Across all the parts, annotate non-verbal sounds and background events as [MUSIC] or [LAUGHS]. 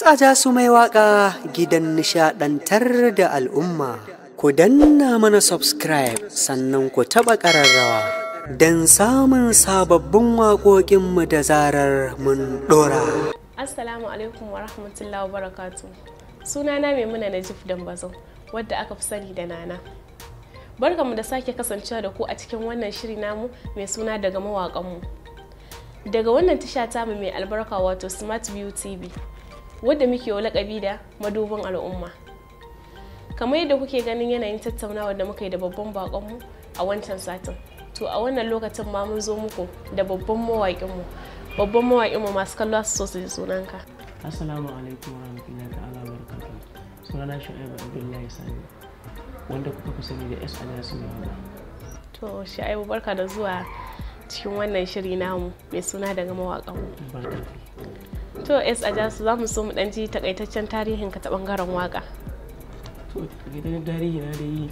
S. su mai waƙa, gidan nishadantar da al'umma. Ku danna mana subscribe sannan ku taɓa ƙararrawa don samun sababbin waƙoƙinmu da zarar mun ɗora. Assalamu alaikum wa rahmatullahi wa barakatu. Sunana Maimuna Najib Dambazau, wadda aka fi sani da Nana. Barkanmu da sake kasancewa da ku a cikin wannan shiri namu mai suna daga mawaƙanmu. Daga wannan tasha tamu mai albarka wato Smart View TV. wadda muke wa lakabi da madubin al'umma kamar yadda kuke ganin yanayin tattaunawa da muka yi da babban bakonmu a wancan satin to a wannan lokacin ma mun zo muku da babban mawaƙinmu babban mawaƙinmu masu kallo su so su ji sunanka assalamu alaikum wa rahmatullahi ta'ala wa barakatuh sunana shu'aibu abdullahi sani wanda kuka fi sani da s aliyasu yawa to shu'aibu barka da zuwa cikin wannan shiri namu mai suna daga mawaƙanmu barka to s a jasu za mu so mu ji takaitaccen tarihin ka ta bangaren waka to takaitaccen tarihi na dai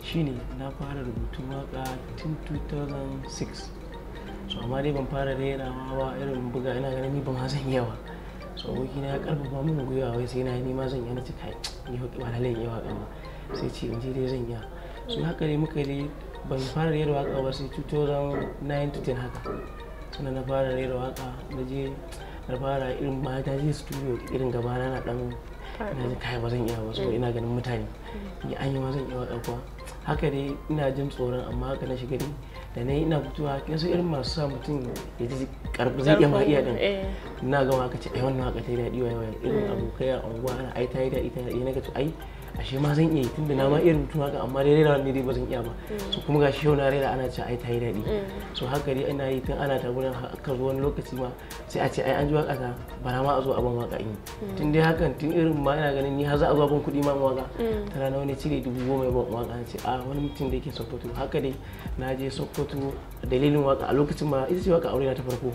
shine na fara rubutun waka tun 2006 so amma dai ban fara rerawa ba irin buga ina ganin ni ban ma zan yawa so wuki na ya ba mun gwiwa wai sai na ni ma zan yi na cika ni hoki ba lalle yawa waka sai ce in ji dai zan yi so haka dai muka dai ban fara rera waka ba sai 2009 to 10 haka sannan na fara rera waka na je har fara irin bayan ta je studio irin gaba na na dan ina ji kai ba zan iya ba so ina ganin mutane ni an yi ma zan iya waka haka dai ina jin tsoron amma haka na shiga ne da na ina ina fitowa kin irin masu sa mutum ya ji karfi zai iya ma iya din eh. ina ma ka ce ai wannan haka ta yi daɗi wa yawa irin abokai a unguwa ana ai ta yi daɗi ta yi daɗi na ga to ai ashe ma zan iya yi tunda na ma irin mutum haka amma dai raina ne dai ba zan iya ba su mm. kuma shi yau na raina ana ce ai ta yi daɗi mm. so haka dai ina yi tun ana ta gudan haka zuwa wani lokaci ma sai a ce ai an ji waka ta bara ma a zo a ban waka in mm. tun dai hakan tun irin ma ina ganin ni har za a zo ban kuɗi ma waka ta rana wani cire dubu goma ya ban waka an ce a ah, wani mutum da yake sokoto haka dai na je sokoto dalilin waka a lokacin ma ita ce waka aure na ta farko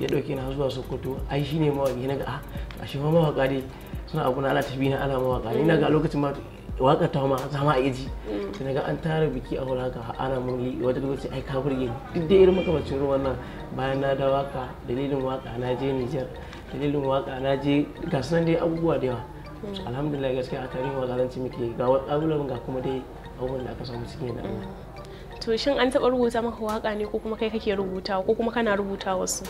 ya ɗauke na zuwa sokoto ai shine mawaƙi na ga a ah, shi ma mawaƙa dai suna abu na ana tafi na ana mawaka ni na ga lokacin ma waka ta ma za ma iya ji mm. sai na ga an tara biki a wurin haka ana muli wata lokaci ai ka burge ni duk da irin makamacin ruwan nan bayan na da waka dalilin waka na je Niger dalilin waka na je ga sunan dai abubuwa da yawa mm. alhamdulillah gaskiya a tarihin waka zan muke ga abubuwan ga kuma dai abubuwan da aka samu cikin da mm. to shin an taɓa rubuta maka waka ne ko kuma kai kake rubuta ko kuma kana rubuta wasu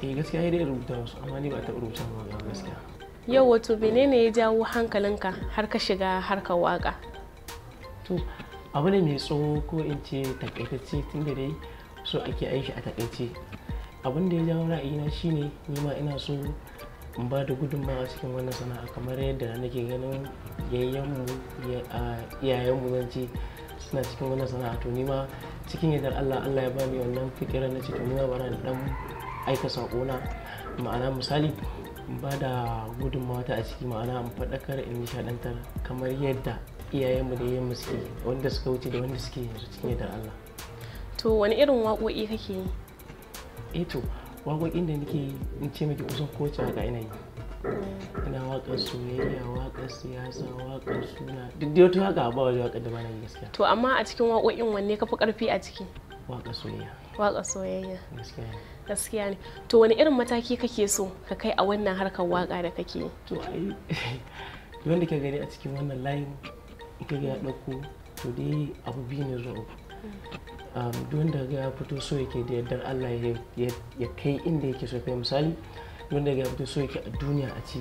eh gaskiya dai rubuta wasu amma ni ba ta rubuta ba. gaskiya yau wato ne ya jawo hankalinka har ka shiga harkar waka to abu ne mai tsawo ko in ce takaitacce tun da dai so ake aishi a takaice abin da ya jawo ra'ayina shine ni ma ina so in ba da gudunmawa cikin wannan sana'a kamar yadda nake ganin yayyanmu iyayenmu zan ce suna cikin wannan sana'a to ni ma cikin yadda Allah Allah ya bani wannan fikirar na ce to ni ma bara dan aika saƙona ma'ana misali ba da gudunmawa ta a ciki ma'ana in faɗakar in nishaɗantar kamar yadda iyayenmu da yayin suke wanda suka wuce da wanda suke yanzu cikin yadda Allah to wani irin waƙoƙi kake yi eh to waƙoƙin da nake yi in ce miki kusan kowace waƙa ina yi ina waƙar soyayya waƙar siyasa waƙar suna duk dai wata waƙa ba wani waƙar da ba na yi gaskiya to amma a cikin waƙoƙin wanne ka fi ƙarfi a ciki waƙar soyayya waƙar soyayya gaskiya gaskiya ne to wani irin mataki kake so ka kai a wannan harkar waka da kake to ai [LAUGHS] wanda ka gani a cikin wannan layin ita ga dauko to dai abu biyu ne zuwa duk wanda ga ya fito so yake da yardar Allah ya kai inda yake so kai misali wanda ga ya fito so yake a duniya a ce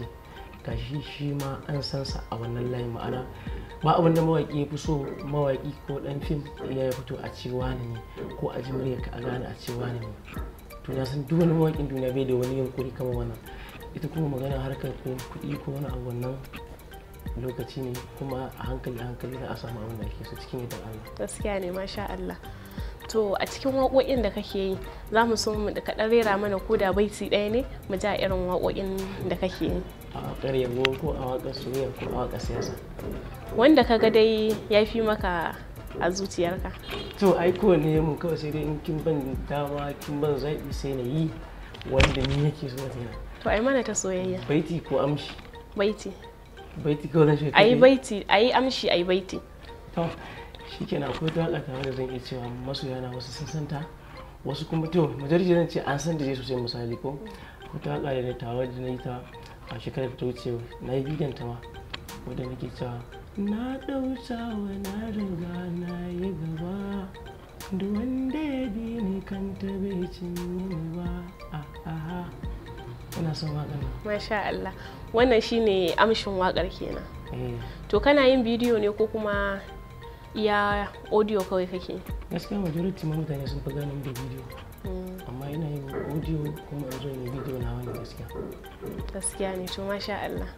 kashi shi ma an san sa a wannan layin ma'ana ba abin da mawaƙi ya fi so mawaƙi ko ɗan fim ya fito a ce wani ne ko a ji ka a gane a ce wani ne to na san duk wani mawaƙin duniya bai da wani yankuri kama wannan ita kuma magana harkar ko kuɗi ko wani abu wannan lokaci ne kuma a hankali hankali za a samu abin da ake so cikin yadda Allah gaskiya ne masha Allah to a cikin waƙoƙin da kake yi za mu so mu da kaɗan rera mana ko da baiti ɗaya ne mu ja irin waƙoƙin da kake yi a waƙar yabo ko a waƙar soyayya ko a waƙar siyasa wanda kaga dai ya fi maka a zuciyarka to ai kowane mu kawai sai dai in kin ban dama kin ban zaɓi sai na yi wanda ni yake so na to ai mana ta soyayya baiti ko amshi baiti baiti ko zan shekaru ai baiti ai amshi ai baiti to shikenan akwai ta waka tare da zan iya cewa masoya na wasu sun santa wasu kuma to majalisi zan ce an san da zai sosai misali ko ko ta waka da tawa da na yi ta a shekarar da ta wuce na yi bidanta ma wadda nake cewa na ɗauta wa na riga duk wanda ya bi ni kanta bai cinye ni ba aha ina son waƙar nan masha Allah wannan shine amshin waƙar kenan eh. to kana yin bidiyo ne ko kuma iya audio kawai kake gaskiya majority ma mutane sun fi ganin da bidiyo hmm. amma ina yin audio kuma yanzu yin bidiyo na wani gaskiya gaskiya ne to masha Allah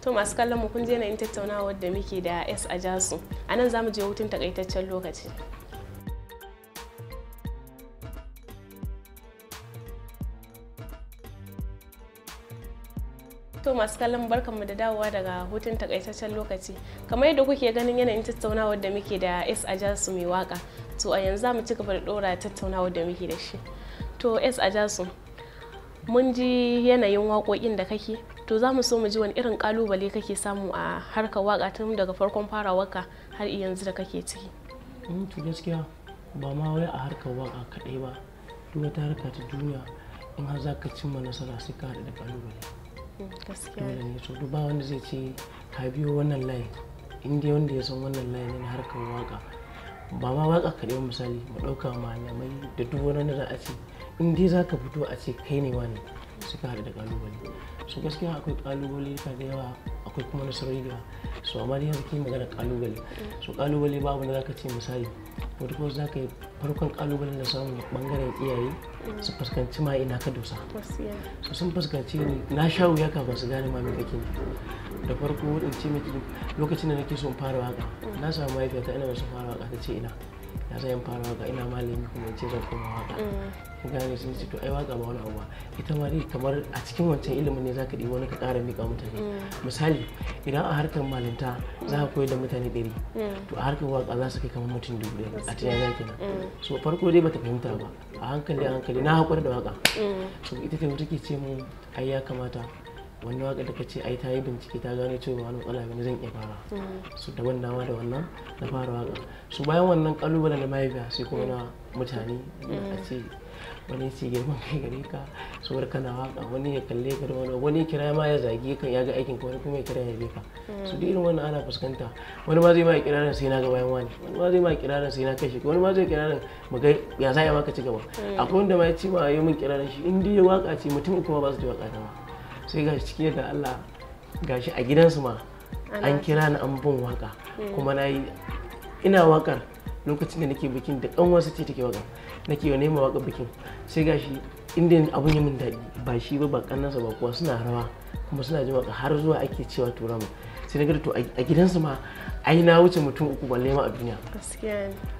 to masu kallon mu kun je na yin tattaunawa da muke da S a jasu za mu je hutun takaitaccen lokaci to masu kallon barkanmu da dawowa daga hutun takaitaccen lokaci kamar yadda kuke ganin yanayin tattaunawar da muke da s ajasu mai waka to a yanzu mu ci gaba da dora tattaunawar da muke da shi to s ajasu mun ji yanayin waƙoƙin da kake to za mu so mu ji wani irin kalubale kake samu a harkar waka tun daga farkon fara waka har yanzu da kake ciki mm, to gaskiya ba ma wai a harkar waka kaɗai ba duk wata harka ta duniya in har za ka cimma nasara sai ka haɗu da kalubale Eh, gaskiya ne to duba wanda zai ce ka biyo wannan layi in dai wanda ya san wannan layi ne na harkar waka ba ma waka kaɗai misali mu ɗauka malamai da duk wani da a ce in dai za ka fito a ce kai ne wani suka haɗu da kalubale su gaskiya akwai ƙalubale ka da yawa akwai kuma nasarori da su amma dai yanzu kin magana kalubale mm. su kalubale babu da za ce misali wata kuma za ka yi farkon kalubalen da samu bangaren iyaye su fuskanci ma ina ka dosa su sun fuskanci ni na sha wuya kafin su gane ma me kake da farko wadance miki lokacin da nake son fara waka na samu mahaifiyata ina masu fara waka ta ce ina na yan fara waka ina malami kuma ce zan koma waka ku gane sun ce to ai waka ba wani abu ba ita ma dai kamar a cikin wancan ilimin ne zaka ɗebi wani ka ƙara miƙa mutane misali idan a harkar malinta za ka koyar da mutane ɗari to a harkar waka za su kai kamar mutum dubu ɗaya a tunanin kenan so farko dai bata fahimta ba a hankali a hankali na haƙura da waka so ita ce mu take ce mu ai ya kamata wani waka da kace ai ta yi bincike ta gane cewa wani matsala ne zan iya fara mm. su da wannan dama da wannan na fara waka su bayan wannan kalubalen da mahaifiya sai kuma na mutane mm. a ce wani ce girman kai gare ka saboda kana waka wani ya kalle ka da wani wani kira ma ya zagi kan ya ga aikin ka wani kuma ya kira ya bi ka mm. su da irin wannan ana fuskanta wani ma zai ma kirarin sai na ga bayan wani wani ma zai ma kirarin sai na kashe wani ma zai kirarin mu ga ya sai ma ka ci gaba akwai wanda ma ya ci ma yi min kirarin shi in dai waka ce mutum kuma ba su ji waka ta ba sai gashi cike da Allah gashi a gidansu ma an kira ni an bin waka hmm. kuma na yi ina wakar lokacin da nake bikin da ɗan wasu ce take waka nake wa nema waka bikin sai gashi inda abun yi min daɗi ba shi ba ba ƙannansa ba kuwa suna rawa kuma suna ji waka har zuwa ake cewa turama sai na to a gidansu ma ai na wuce mutum uku balle ma a duniya su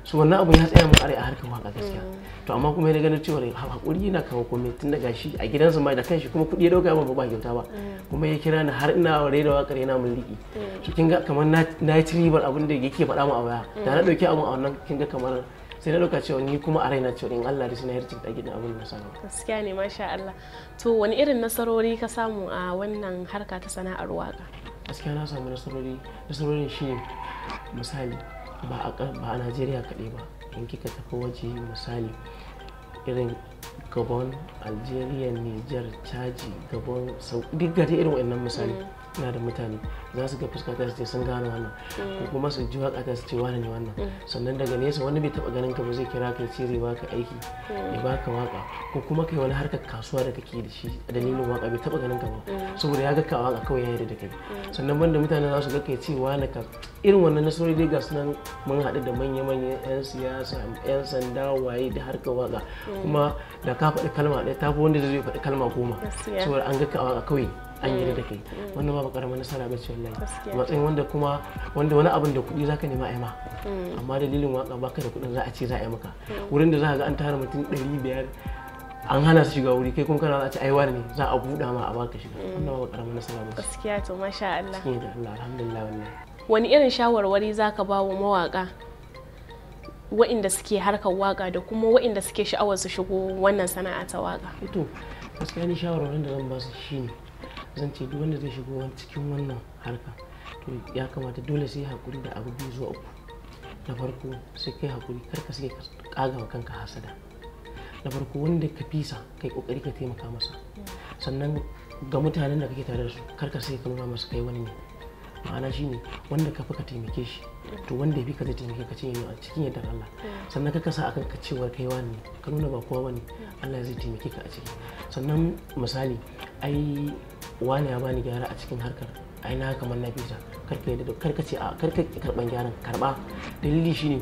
so wannan abun ya tsaya mu a harkar waka gaskiya mm. to amma kuma yana ganin cewa hakuri yana kawo komai tun daga shi a gidansu ma da shi kuma kuɗi ya dauka mun ba kyauta ba mm. kuma ya kira ni har ina da wakar yana mun liki mm. to kin ga kamar na yi tiribar abin da yake faɗa mu a baya da na dauki abun a wannan kin ga kamar sai na dauka cewa ni kuma a raina cewa in Allah da sinayar cikin ɗagin gidan abin na samu gaskiya ne masha Allah to wani irin nasarori ka samu a wannan harka ta sana'ar waka gaskiya na samu nasarori nasarorin shi misali ba a najeriya kaɗai ba in kika tafi waje misali irin gabon algeria niger caji gabon sau duk gari irin wa'annan misali mm. na da mutane za su ga fuskata su ce sun gano wannan ko kuma su ji waƙata su ce wani ne wannan sannan daga nesa wani bai taɓa ganin ka ba zai kira ka ce zai baka aiki ya baka waƙa ko kuma kai wani harkar kasuwa da kake da shi a dalilin waƙa bai taɓa ganin ka ba saboda ya ga ka waƙa kawai ya yarda da kai sannan banda mutane za su ga kai ce wani ka irin wannan nasarori dai ga sunan mun haɗu da manya manya 'yan siyasa 'yan sanda waye da harkar waƙa kuma da ka faɗi kalma ɗaya tafi wanda zai faɗi kalma goma saboda an ga ka waƙa kawai an yi da kai wannan ba bakar nasara ba bace wallahi matsayin wanda kuma wanda wani abin da kuɗi zaka nema ai ma mm. amma dalilin waka baka da kuɗin za a ce za a yi maka mm. wurin da za ga an tara mutum ɗari biyar an hana su shiga wuri kai kuma kana za a ci aiwa ne za a buɗa ma a baka shiga mm. wannan ba mana nasara ba gaskiya to masha Allah shi da Allah alhamdulillah wallahi wani irin shawarwari zaka ba wa mawaka wa'inda suke harkar waka da kuma wa'inda suke sha'awar su shigo wannan sana'a ta waka eh to gaskiya ni shawarwarin da zan ba su shine zan ce duk wanda zai shigo cikin wannan harka to ya kamata dole sai hakuri da abu biyu zuwa uku na farko sai kai hakuri kar ka sai kaga wa kanka hasada na farko wanda ka fisa kai kokari ka taimaka masa sannan ga mutanen da kake tare da su kar ka sai ka nuna masa kai wani ne ma'ana shine wanda ka fi ka taimake shi to wanda ya fi ka zai taimake ka ce a cikin yadda Allah sannan ka kasa akan ka cewa kai wani ka nuna ba kowa bane Allah zai taimake ka a ciki sannan misali ai wani ya bani gyara a cikin harkar ai na kamar na visa karka yadda ka ce a karka karban gyaran karba dalili shine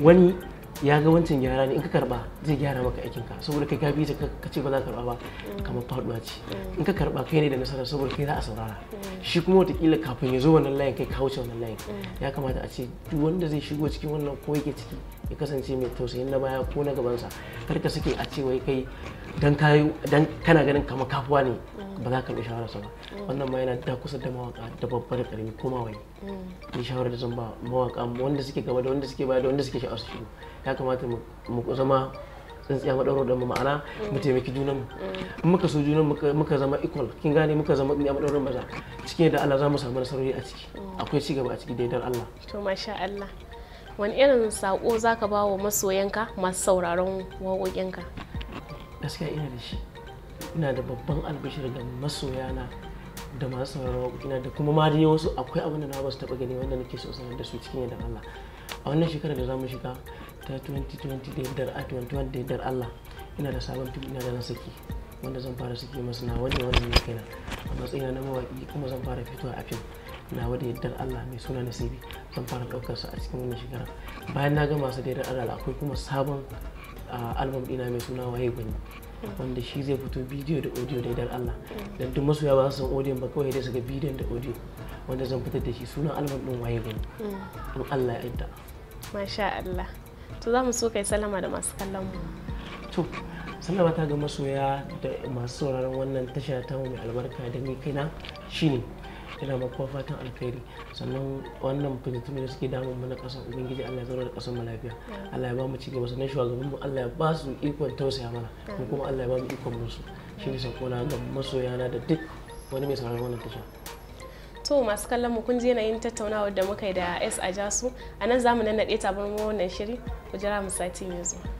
wani ya ga wancan gyara ne in ka karba zai gyara maka aikin ka saboda kai ka visa ka ce ba za ka karba ba kamar faduwa ce in ka karba kai ne da nasara saboda kai za a saurara shi kuma watakila kafin ya zo wannan layin kai ka wuce wannan layin ya kamata a ce duk wanda zai shigo cikin wannan ko yake ciki ya kasance mai tausayin na baya ko na gabansa karka suke a ce wai kai dan kana ganin kamar kafuwa ne ba za ka shawara shawararsa ba wannan ma yana da kusa da mawaka da babba da koma ko mawai mm. ni shawara da zan ba mawaka wanda suke gaba da wanda suke baya da wanda suke sha'awar su shigo ya kamata mu zama tsintsiya maɗauro da ma'ana mu mm. taimaki junan mu mm. muka so junan muka zama equal kin gane muka zama tsintsiya maɗaurin maza cikin da Allah za mu samu nasarori a ciki akwai ci gaba a ciki daidar Allah to masha Allah wani irin saƙo za ka ba wa masoyanka masu sauraron waƙoƙinka gaskiya ina da shi ina da babban albishir ga na da masu sauraro waƙoƙina da kuma ma dai wasu akwai abin da na ba su taɓa gani wanda nake so sanar da su cikin yadda Allah a wannan shekarar da zamu shiga ta 2020 da dar a 2021 da yardar Allah ina da sabon fim ina da na saki wanda zan fara saki masu na wani wanda ne kaina a matsayin na mawaƙi kuma zan fara fitowa a fim na wada yadda Allah mai suna nasibi zan fara ɗaukar su a cikin wannan shekara bayan na gama su da yardar Allah akwai kuma sabon ah, albam ɗina mai suna waye gwani wanda shi zai fito bidiyo da audio da idan Allah dan duk masoya ba su audio ba kawai dai su bidiyon da audio wanda zan fitar da shi sunan album din waye gani mm. in Allah ya yadda masha Allah to za mu so kai salama da masu kallon mu to salama ta ga masoya da masu sauraron wannan tasha ta mai albarka da ni kaina shine ina ma fatan alkhairi sannan wannan fitattun da suke damun mana ƙasar ubangiji allah ya zauna da ƙasar mu lafiya allah ya ba mu ci gaba sannan shugaban mu allah ya ba su ikon tausaya mana mu kuma allah ya ba mu ikon musu shi ne sakona ga masoyana da duk wani mai sauraron wannan tasha to masu kallon mu kun ji yanayin tattaunawar da muka yi da s a jasu a nan zamu nannaɗe tabar wannan shiri ku jira mu sati yanzu.